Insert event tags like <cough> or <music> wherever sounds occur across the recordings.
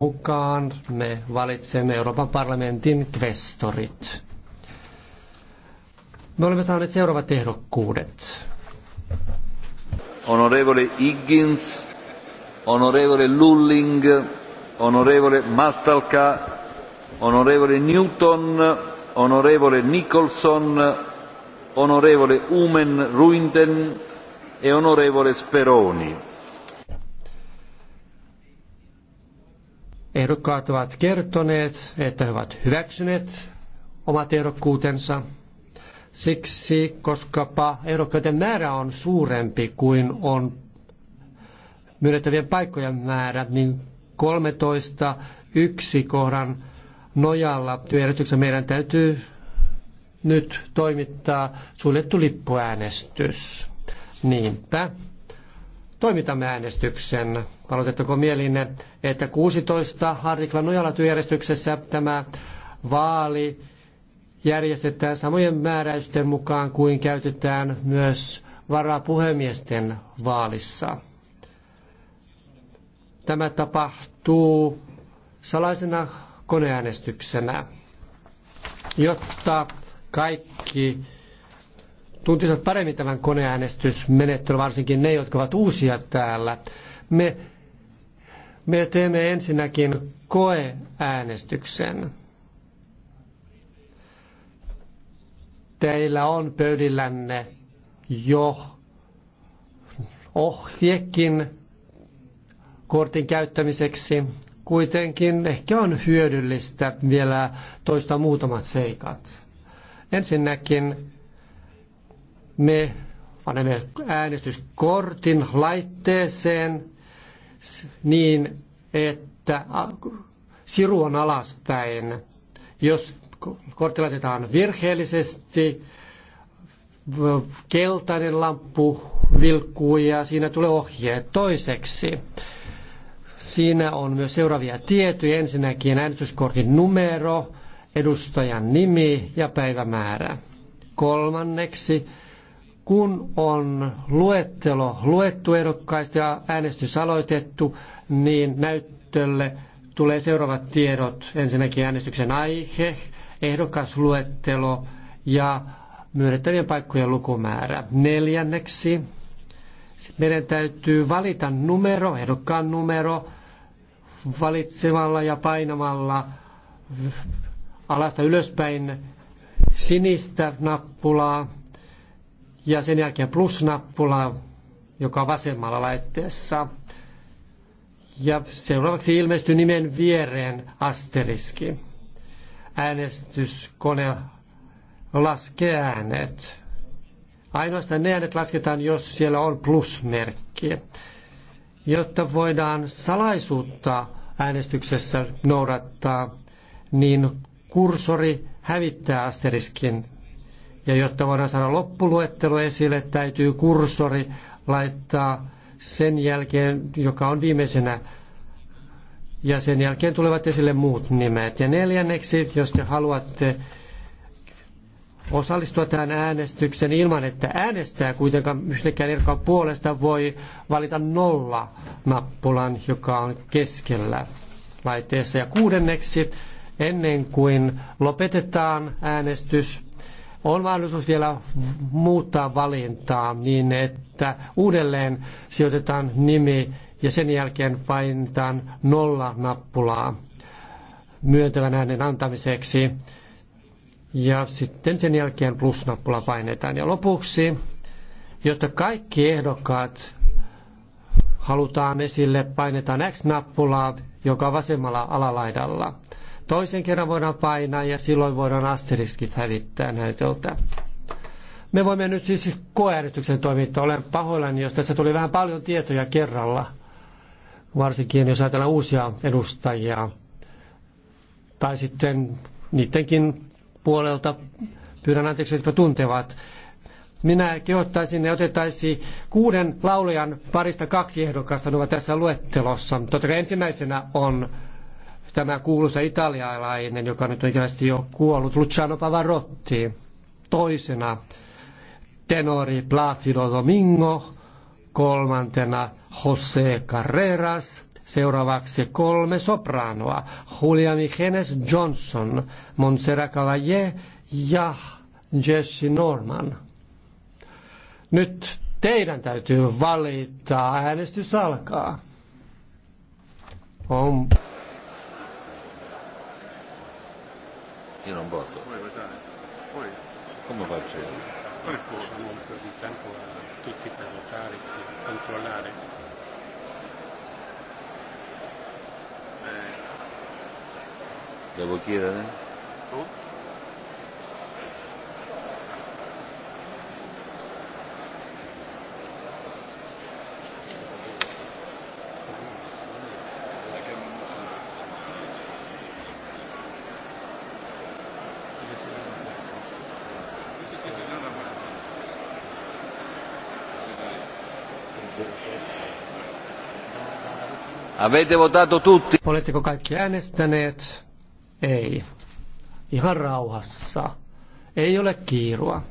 mukaan me valitsemme Euroopan parlamentin kvestorit. Me olemme saaneet seuraavat ehdokkuudet. Onorevole Higgins, onorevole Lulling, onorevole Mastalka, onorevole Newton, onorevole Nicholson, onorevole Umen Ruinden e onorevole Speroni Ehdokkaat ovat kertoneet, että he ovat hyväksyneet omat ehdokkuutensa siksi, koska ehdokkaiden määrä on suurempi kuin on myönnettävien paikkojen määrä, niin 13 yksi kohdan nojalla työjärjestyksessä meidän täytyy nyt toimittaa suljettu lippuäänestys. Niinpä toimitamme äänestyksen. Valotettako mielinne, että 16 artiklan nojalla työjärjestyksessä tämä vaali järjestetään samojen määräysten mukaan kuin käytetään myös varapuhemiesten vaalissa. Tämä tapahtuu salaisena koneäänestyksenä, jotta kaikki tuntisivat paremmin tämän koneäänestysmenettelyn, varsinkin ne, jotka ovat uusia täällä. Me, me teemme ensinnäkin koeäänestyksen. Teillä on pöydillänne jo ohjekin kortin käyttämiseksi. Kuitenkin ehkä on hyödyllistä vielä toista muutamat seikat. Ensinnäkin me panemme äänestyskortin laitteeseen niin, että siru on alaspäin. Jos kortti laitetaan virheellisesti, keltainen lamppu vilkkuu ja siinä tulee ohjeet toiseksi. Siinä on myös seuraavia tietoja. Ensinnäkin äänestyskortin numero, edustajan nimi ja päivämäärä. Kolmanneksi kun on luettelo luettu ehdokkaista ja äänestys aloitettu, niin näyttölle tulee seuraavat tiedot. Ensinnäkin äänestyksen aihe, ehdokasluettelo ja myönnettävien paikkojen lukumäärä. Neljänneksi meidän täytyy valita numero, ehdokkaan numero, valitsemalla ja painamalla alasta ylöspäin sinistä nappulaa ja sen jälkeen plus-nappula, joka on vasemmalla laitteessa. Ja seuraavaksi ilmestyy nimen viereen asteriski. Äänestyskone laskee äänet. Ainoastaan ne äänet lasketaan, jos siellä on plusmerkki. Jotta voidaan salaisuutta äänestyksessä noudattaa, niin kursori hävittää asteriskin ja jotta voidaan saada loppuluettelo esille, täytyy kursori laittaa sen jälkeen, joka on viimeisenä ja sen jälkeen tulevat esille muut nimet. Ja neljänneksi, jos te haluatte osallistua tähän äänestykseen ilman, että äänestää kuitenkaan yhdenkään erkaan puolesta, voi valita nolla nappulan, joka on keskellä laitteessa. Ja kuudenneksi, ennen kuin lopetetaan äänestys, on mahdollisuus vielä muuttaa valintaa niin, että uudelleen sijoitetaan nimi ja sen jälkeen painetaan nolla nappulaa myöntävän äänen antamiseksi. Ja sitten sen jälkeen plus-nappula painetaan. Ja lopuksi, jotta kaikki ehdokkaat halutaan esille, painetaan X-nappulaa, joka on vasemmalla alalaidalla. Toisen kerran voidaan painaa ja silloin voidaan asteriskit hävittää näytöltä. Me voimme nyt siis koeäänestyksen toimittaa. Olen pahoillani, jos tässä tuli vähän paljon tietoja kerralla, varsinkin jos ajatellaan uusia edustajia. Tai sitten niidenkin puolelta pyydän anteeksi, jotka tuntevat. Minä kehottaisin, ne otettaisiin kuuden laulajan parista kaksi ehdokasta, ne ovat tässä luettelossa. Totta kai ensimmäisenä on tämä kuuluisa italialainen, joka nyt on ikävästi jo kuollut, Luciano Pavarotti. Toisena tenori Placido Domingo, kolmantena Jose Carreras, seuraavaksi kolme sopranoa, Julia Michenes Johnson, Montserrat Cavallé ja Jesse Norman. Nyt teidän täytyy valita. Äänestys alkaa. On. Io non voto. Puoi votare. Puoi. Come faccio io? Lasciamo un po' di tempo a tutti per votare, per controllare. Eh. Devo chiedere? Tu? Avete votato tutti? Oletteko kaikki äänestäneet? Ei. Ihan rauhassa. Ei ole kiirua.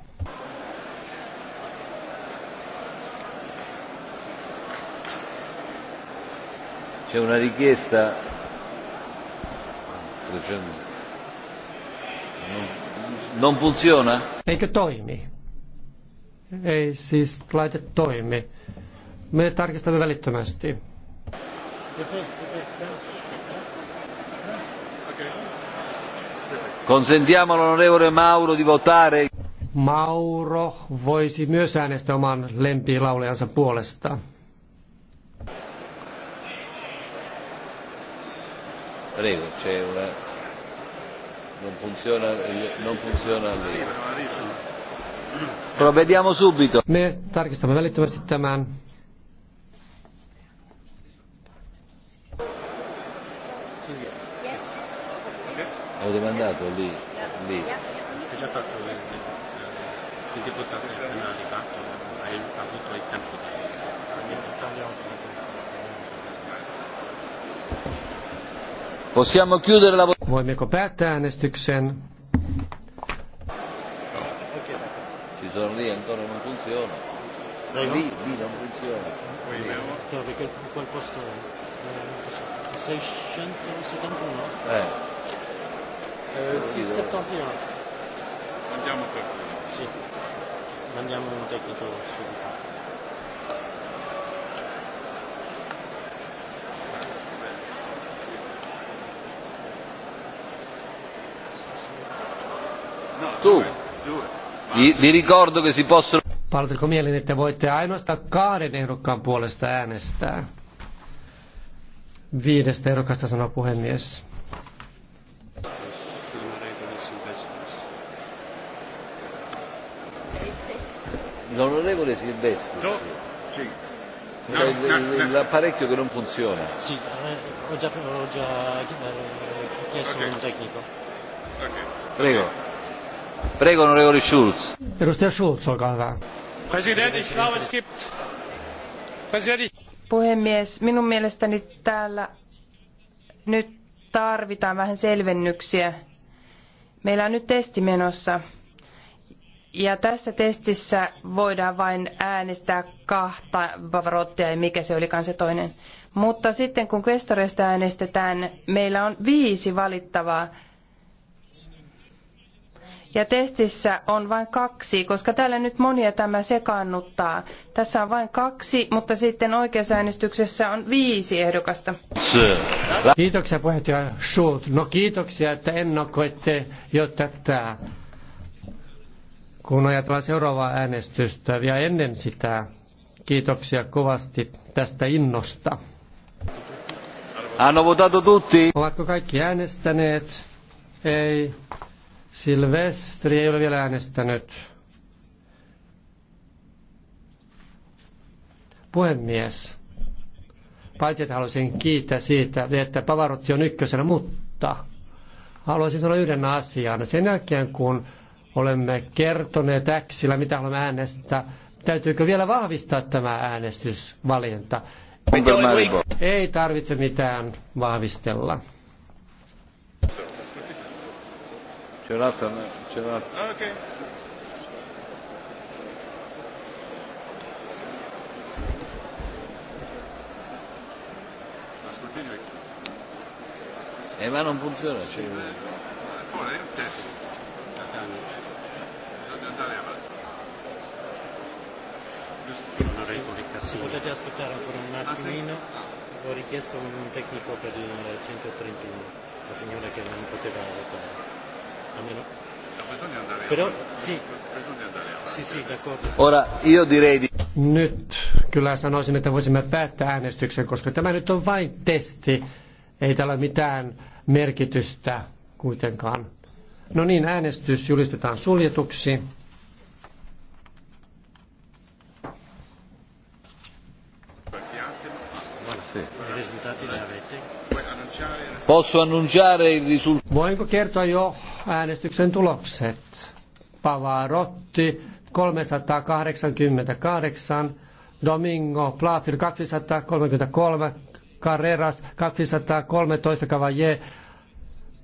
C'è una richiesta. Non funziona? Eikö toimi? Ei siis laite toimi. Me tarkistamme välittömästi. Consentiamo all'onorevole Mauro di votare. Mauro voisi myös äänestää oman lempilaulajansa puolesta. Prego, c'è una... Non funziona, non funziona lì. Provvediamo subito. Me tarkistamme välittömästi tämän. dove è andato lì? lì. Che ci ha fatto il, eh, il deputato che è arrivato, ha avuto il tempo di... Possiamo chiudere la votazione. mi päättää Anestixen? Ci sono lì ancora non funziona. Lì, lì non funziona. Lì. Perché quel posto eh, è 671. Eh. Eh, 671. Mandiamo qualcuno. Sì, mandiamo un tecnico subito. Tu, vi ricordo che si possono... Palautatko mieleen, että voitte ainoastaan kahden ehdokkaan puolesta äänestää? Viidestä ehdokasta sanoo puhemies. L'onorevole Silvestri. No. sì. No, cioè, no, no, no. L'apparecchio che non funziona. Sì, eh, ho già, ho già eh, chiesto okay. un tecnico. Okay. Prego. Prego, onorevole Schulz. Edustaja Schulz, Presidente, ich glaube, es gibt... Presidente. Puhemies, minun mielestäni täällä nyt tarvitaan vähän selvennyksiä. Meillä on nyt testi menossa. Ja tässä testissä voidaan vain äänestää kahta Pavarottia ja mikä se olikaan se toinen. Mutta sitten kun kvestoreista äänestetään, meillä on viisi valittavaa. Ja testissä on vain kaksi, koska täällä nyt monia tämä sekaannuttaa. Tässä on vain kaksi, mutta sitten oikeassa äänestyksessä on viisi ehdokasta. Kiitoksia puheenjohtaja Schultz. No kiitoksia, että ennakoitte jo tätä kun ajatellaan seuraavaa äänestystä ja ennen sitä kiitoksia kovasti tästä innosta. Hanno tutti? Ovatko kaikki äänestäneet? Ei. Silvestri ei ole vielä äänestänyt. Puhemies, paitsi että haluaisin kiittää siitä, että Pavarotti on ykkösenä, mutta haluaisin sanoa yhden asian. Sen jälkeen kun Olemme kertoneet äksillä, mitä haluamme äänestää. Täytyykö vielä vahvistaa tämä äänestysvalinta? Ei tarvitse mitään vahvistella. Cerata, eh, ma non funziona. Sì, eh, fuori il testo. Potete aspettare ancora un ah, attimino, ho richiesto un tecnico per il 131, la signora che non poteva votare. Almeno. Bisogna andare Però, sì. Bisogna andare sì, sì, d'accordo. Ora, io direi di... Nyt kyllä sanoisin, että voisimme päättää äänestyksen, koska tämä nyt on vain testi. Ei tällä mitään merkitystä kuitenkaan. No niin, äänestys julistetaan suljetuksi. Posso annunciare il risultato? Voinko kertoa jo äänestyksen tulokset? Pavarotti 388, Domingo Platir 233, Carreras 213, Cavalier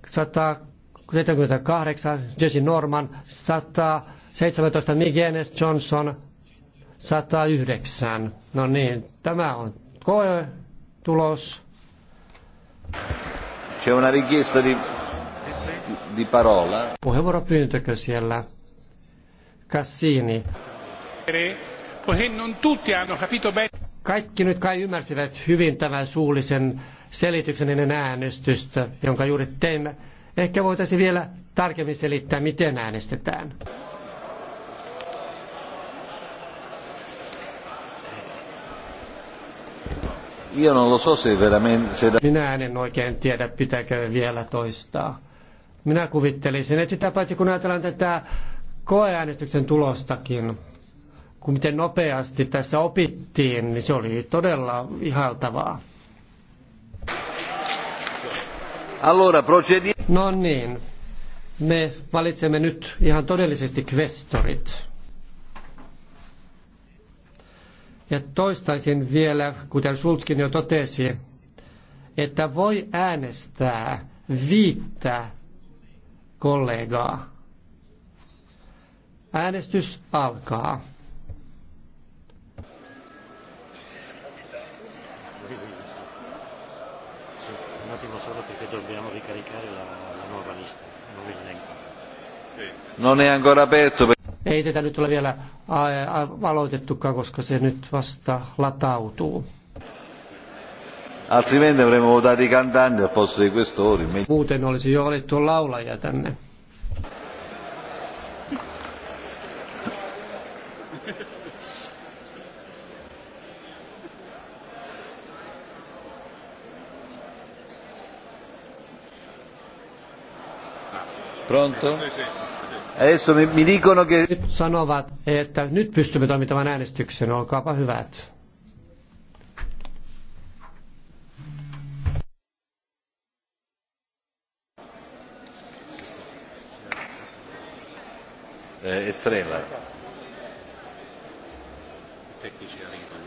178, Jesse Norman 117, Migenes Johnson 109. No niin, tämä on koe tulos. C'è una richiesta di, di parola. Puheenvuoropyyntökö siellä? Cassini. Kaikki nyt kai ymmärsivät hyvin tämän suullisen selityksen ennen äänestystä, jonka juuri teimme. Ehkä voitaisiin vielä tarkemmin selittää, miten äänestetään. Minä en oikein tiedä, pitääkö vielä toistaa. Minä kuvittelisin, että sitä paitsi kun ajatellaan tätä koeäänestyksen tulostakin, kun miten nopeasti tässä opittiin, niin se oli todella ihaltavaa. Allora, procedi... No niin, me valitsemme nyt ihan todellisesti kvestorit. Ja toistaisin vielä, kuten Schulzkin jo totesi, että voi äänestää viittä kollegaa. Äänestys alkaa. un attimo solo perché dobbiamo ricaricare la, la nuova lista, non il elenco. Sì. Non è ancora aperto. Ei tätä nyt ole vielä aloitettukaan, koska se nyt vasta latautuu. Altrimenti avremmo votato i cantanti al posto dei questori. Muuten olisi jo valittu laulaja tänne. Pronto? Sì, sì. Nyt sanovat, että nyt pystymme toimittamaan äänestyksen, olkaapa hyvät. Eh, estrella. Tecnici arrivano.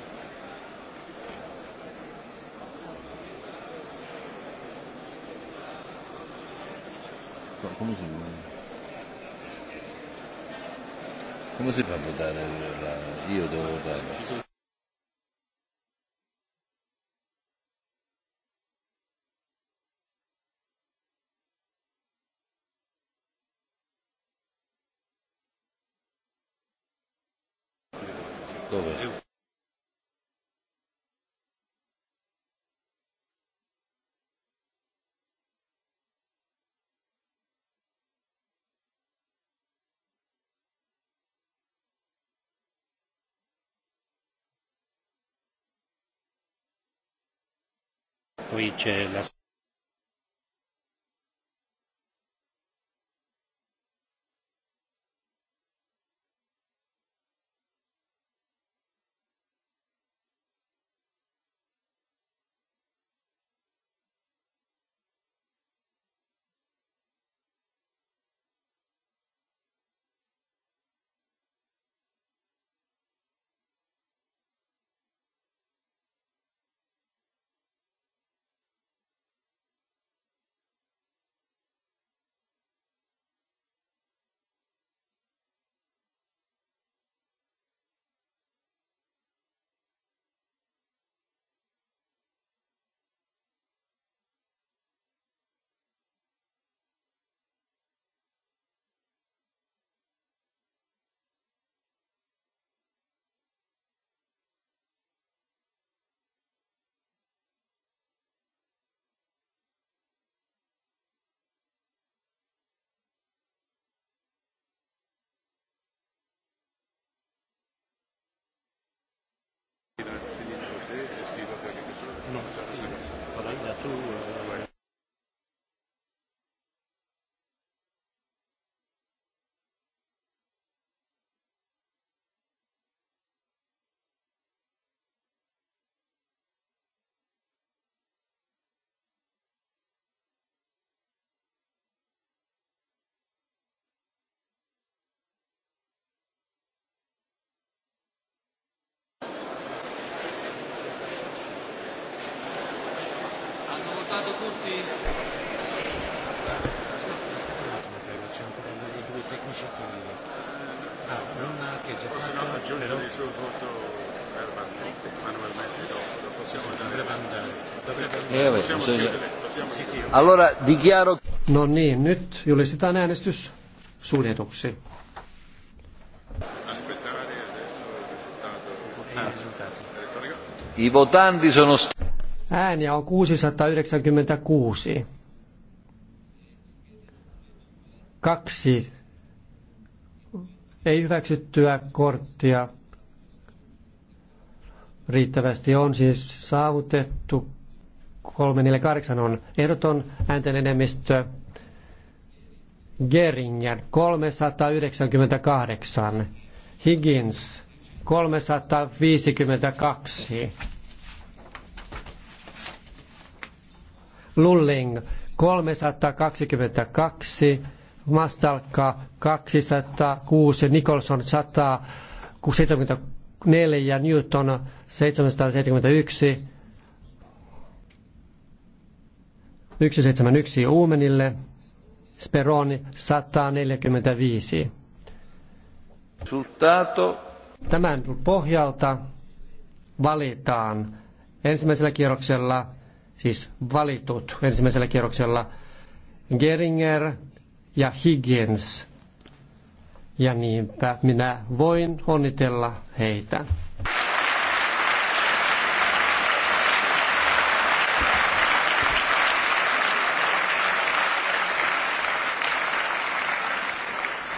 Come si chiama? Come si fa a votare? La... Io devo votare. Dove? qui c'è la votato tutti? No niin, nyt julistetaan äänestys suljetuksi. Eh, I votanti sono stati... Ääniä on 696. Kaksi ei hyväksyttyä korttia riittävästi on siis saavutettu. 348 on ehdoton äänten enemmistö. Geringer 398. Higgins 352. Lulling 322, Mastalka 206, Nicholson 174, Newton 771, 171 Uumenille, Speroni 145. Sultato. Tämän pohjalta valitaan ensimmäisellä kierroksella siis valitut ensimmäisellä kierroksella Geringer ja Higgins. Ja niinpä minä voin onnitella heitä.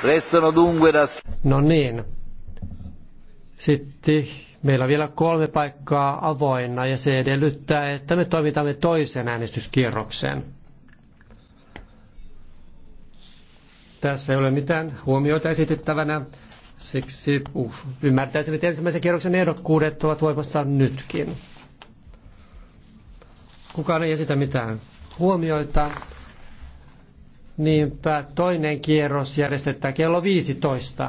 Restano dunque da... No niin. Sitten Meillä on vielä kolme paikkaa avoinna ja se edellyttää, että me toimitamme toisen äänestyskierroksen. Tässä ei ole mitään huomioita esitettävänä, siksi uh, ymmärtäisin, että ensimmäisen kierroksen ehdokkuudet ovat voimassa nytkin. Kukaan ei esitä mitään huomioita. Niinpä toinen kierros järjestetään kello 15.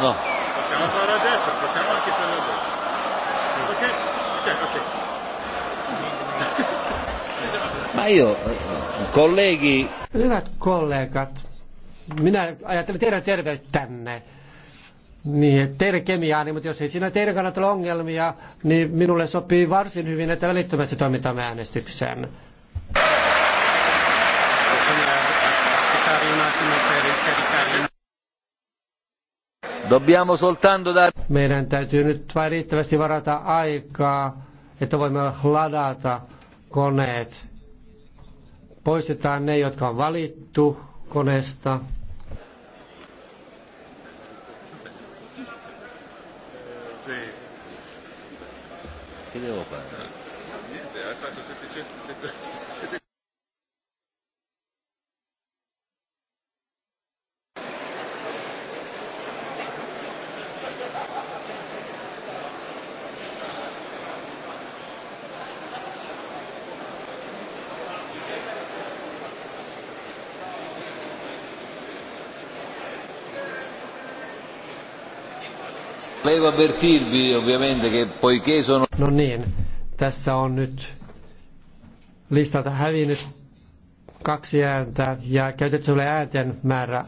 No. Possiamo fare adesso, possiamo anche farlo adesso. Ok? Ok, ok. <laughs> Ma io, colleghi... Hyvät kollegat, minä ajattelen teidän terveyttänne. Niin, teidän kemiaani, mutta jos ei siinä teidän kannalta ole ongelmia, niin minulle sopii varsin hyvin, että välittömästi toimitamme äänestykseen. Dobbiamo soltanto dare... Meidän täytyy nyt vain riittävästi varata aikaa, että voimme ladata koneet. Poistetaan ne, jotka on valittu koneesta. Che devo fare? Levo avvertirvi ovviamente che poiché sono... No niin, tässä on nyt listalta hävinnyt kaksi ääntä ja käytettyjen äänten määrä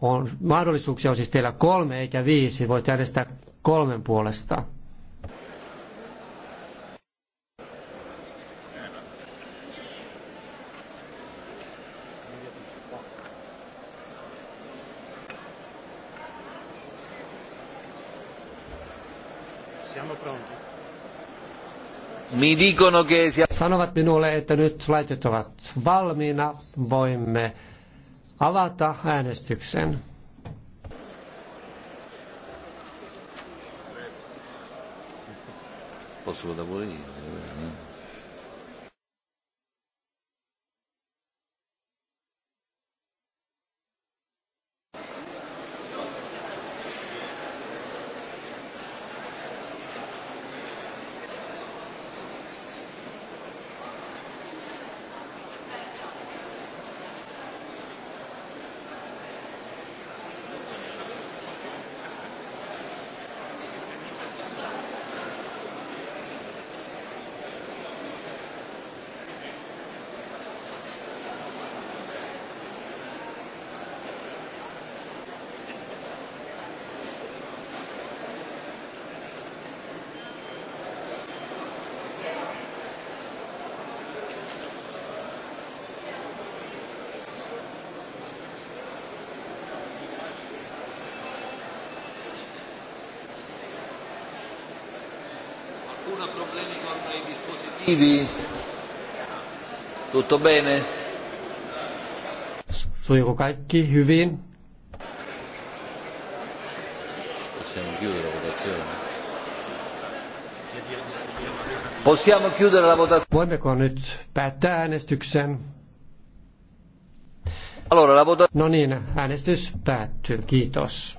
on, mahdollisuuksia on siis teillä kolme eikä viisi, voit äänestää kolmen puolesta. Sanovat minulle, että nyt laitet ovat valmiina, voimme avata äänestyksen. Posso da pure eh, io. Eh. nessuno ha problemi con i dispositivi? Tutto bene? Sujuuko kaikki hyvin? Possiamo chiudere la votazione. Possiamo chiudere la votazione. Voimmeko nyt päättää äänestyksen? Allora, la vota- no niin, äänestys päättyy. Kiitos.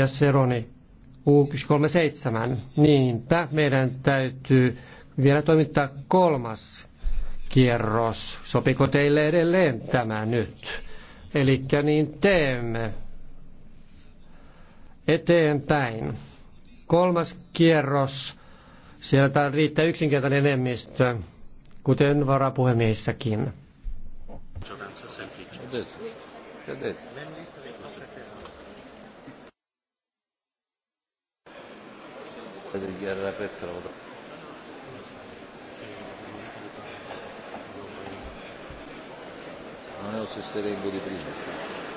ja Sferoni U137. Niinpä meidän täytyy vielä toimittaa kolmas kierros. Sopiko teille edelleen tämä nyt? Eli niin teemme eteenpäin. Kolmas kierros. Sieltä riittää yksinkertainen enemmistö, kuten varapuhemiehissäkin. per dichiarare aperta la votazione. Non è lo stesso elenco di prima.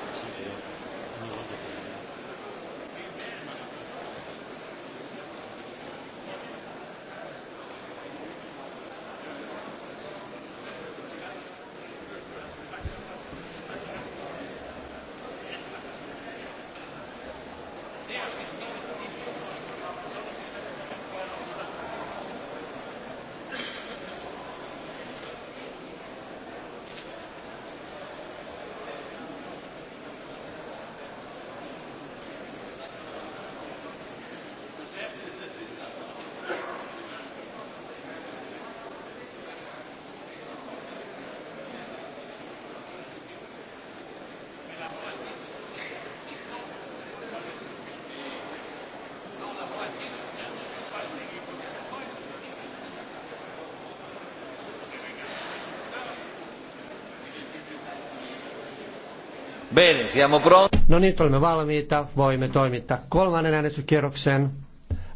Bene, siamo pronti. No niin, olemme valmiita. Voimme toimittaa kolmannen äänestyskierroksen.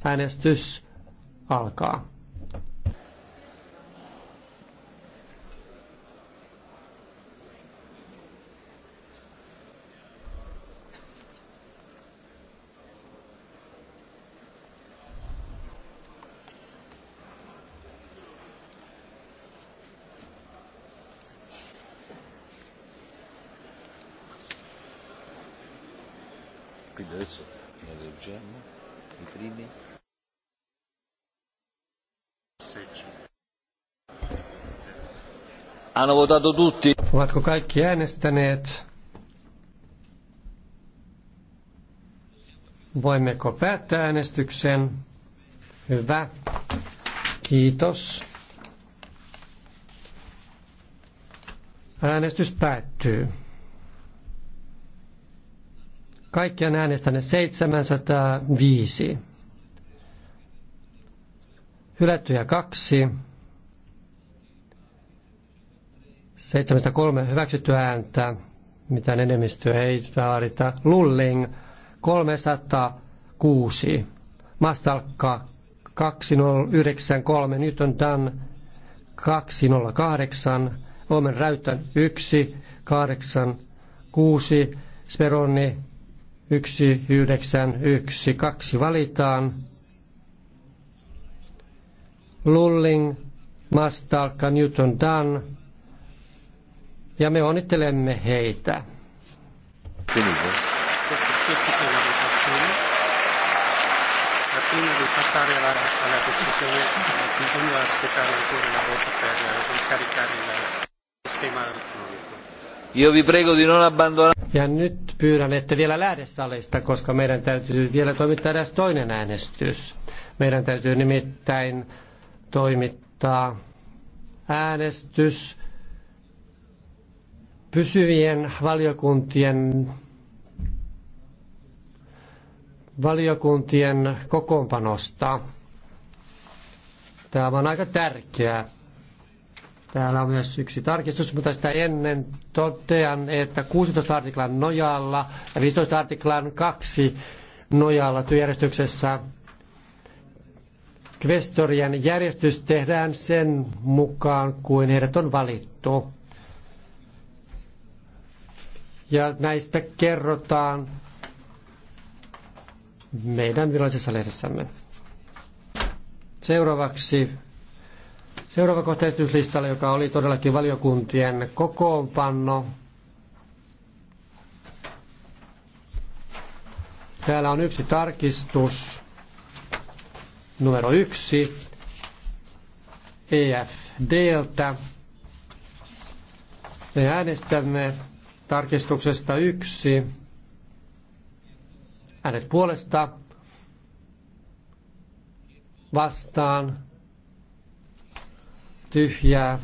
Äänestys alkaa. Hanno votato tutti. Ovatko kaikki äänestäneet? Voimmeko päättää äänestyksen? Hyvä. Kiitos. Äänestys päättyy. Kaikki on äänestäneet 705. Hylättyjä kaksi. 703 hyväksyttyä ääntä, mitään enemmistöä ei vaadita. Lulling 306, Mastalkka 2093, nyt on Dan 208, Omen Räytän 1, 8, 6, Speroni 1, 9, 1, 2 valitaan. Lulling, Mastalka, Newton, Dunn, ja me onnittelemme heitä. Ja nyt pyydän, että vielä lähde koska meidän täytyy vielä toimittaa edes toinen äänestys. Meidän täytyy nimittäin toimittaa äänestys pysyvien valiokuntien valiokuntien kokoonpanosta. Tämä on aika tärkeää. Täällä on myös yksi tarkistus, mutta sitä ennen totean, että 16 artiklan nojalla ja 15 artiklan kaksi nojalla työjärjestyksessä kvestorien järjestys tehdään sen mukaan, kuin heidät on valittu ja näistä kerrotaan meidän virallisessa lehdessämme. Seuraavaksi seuraava kohta esityslistalla, joka oli todellakin valiokuntien kokoonpanno. Täällä on yksi tarkistus, numero yksi, EFDltä. Me äänestämme tarkistuksesta yksi. Äänet puolesta vastaan tyhjää.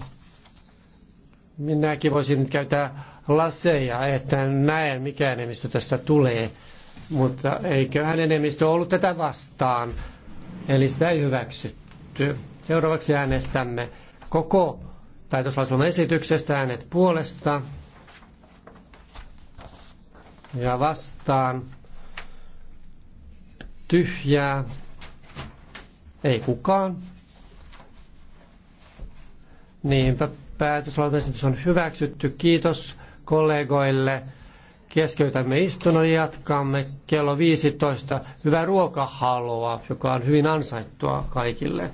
Minäkin voisin nyt käyttää laseja, että näen mikä enemmistö tästä tulee, mutta eiköhän enemmistö ollut tätä vastaan, eli sitä ei hyväksytty. Seuraavaksi äänestämme koko päätöslauselman esityksestä äänet puolesta ja vastaan tyhjää. Ei kukaan. Niinpä päätöslauselmaesitys on hyväksytty. Kiitos kollegoille. Keskeytämme istunnon ja jatkamme kello 15. Hyvää ruokahaloa, joka on hyvin ansaittua kaikille.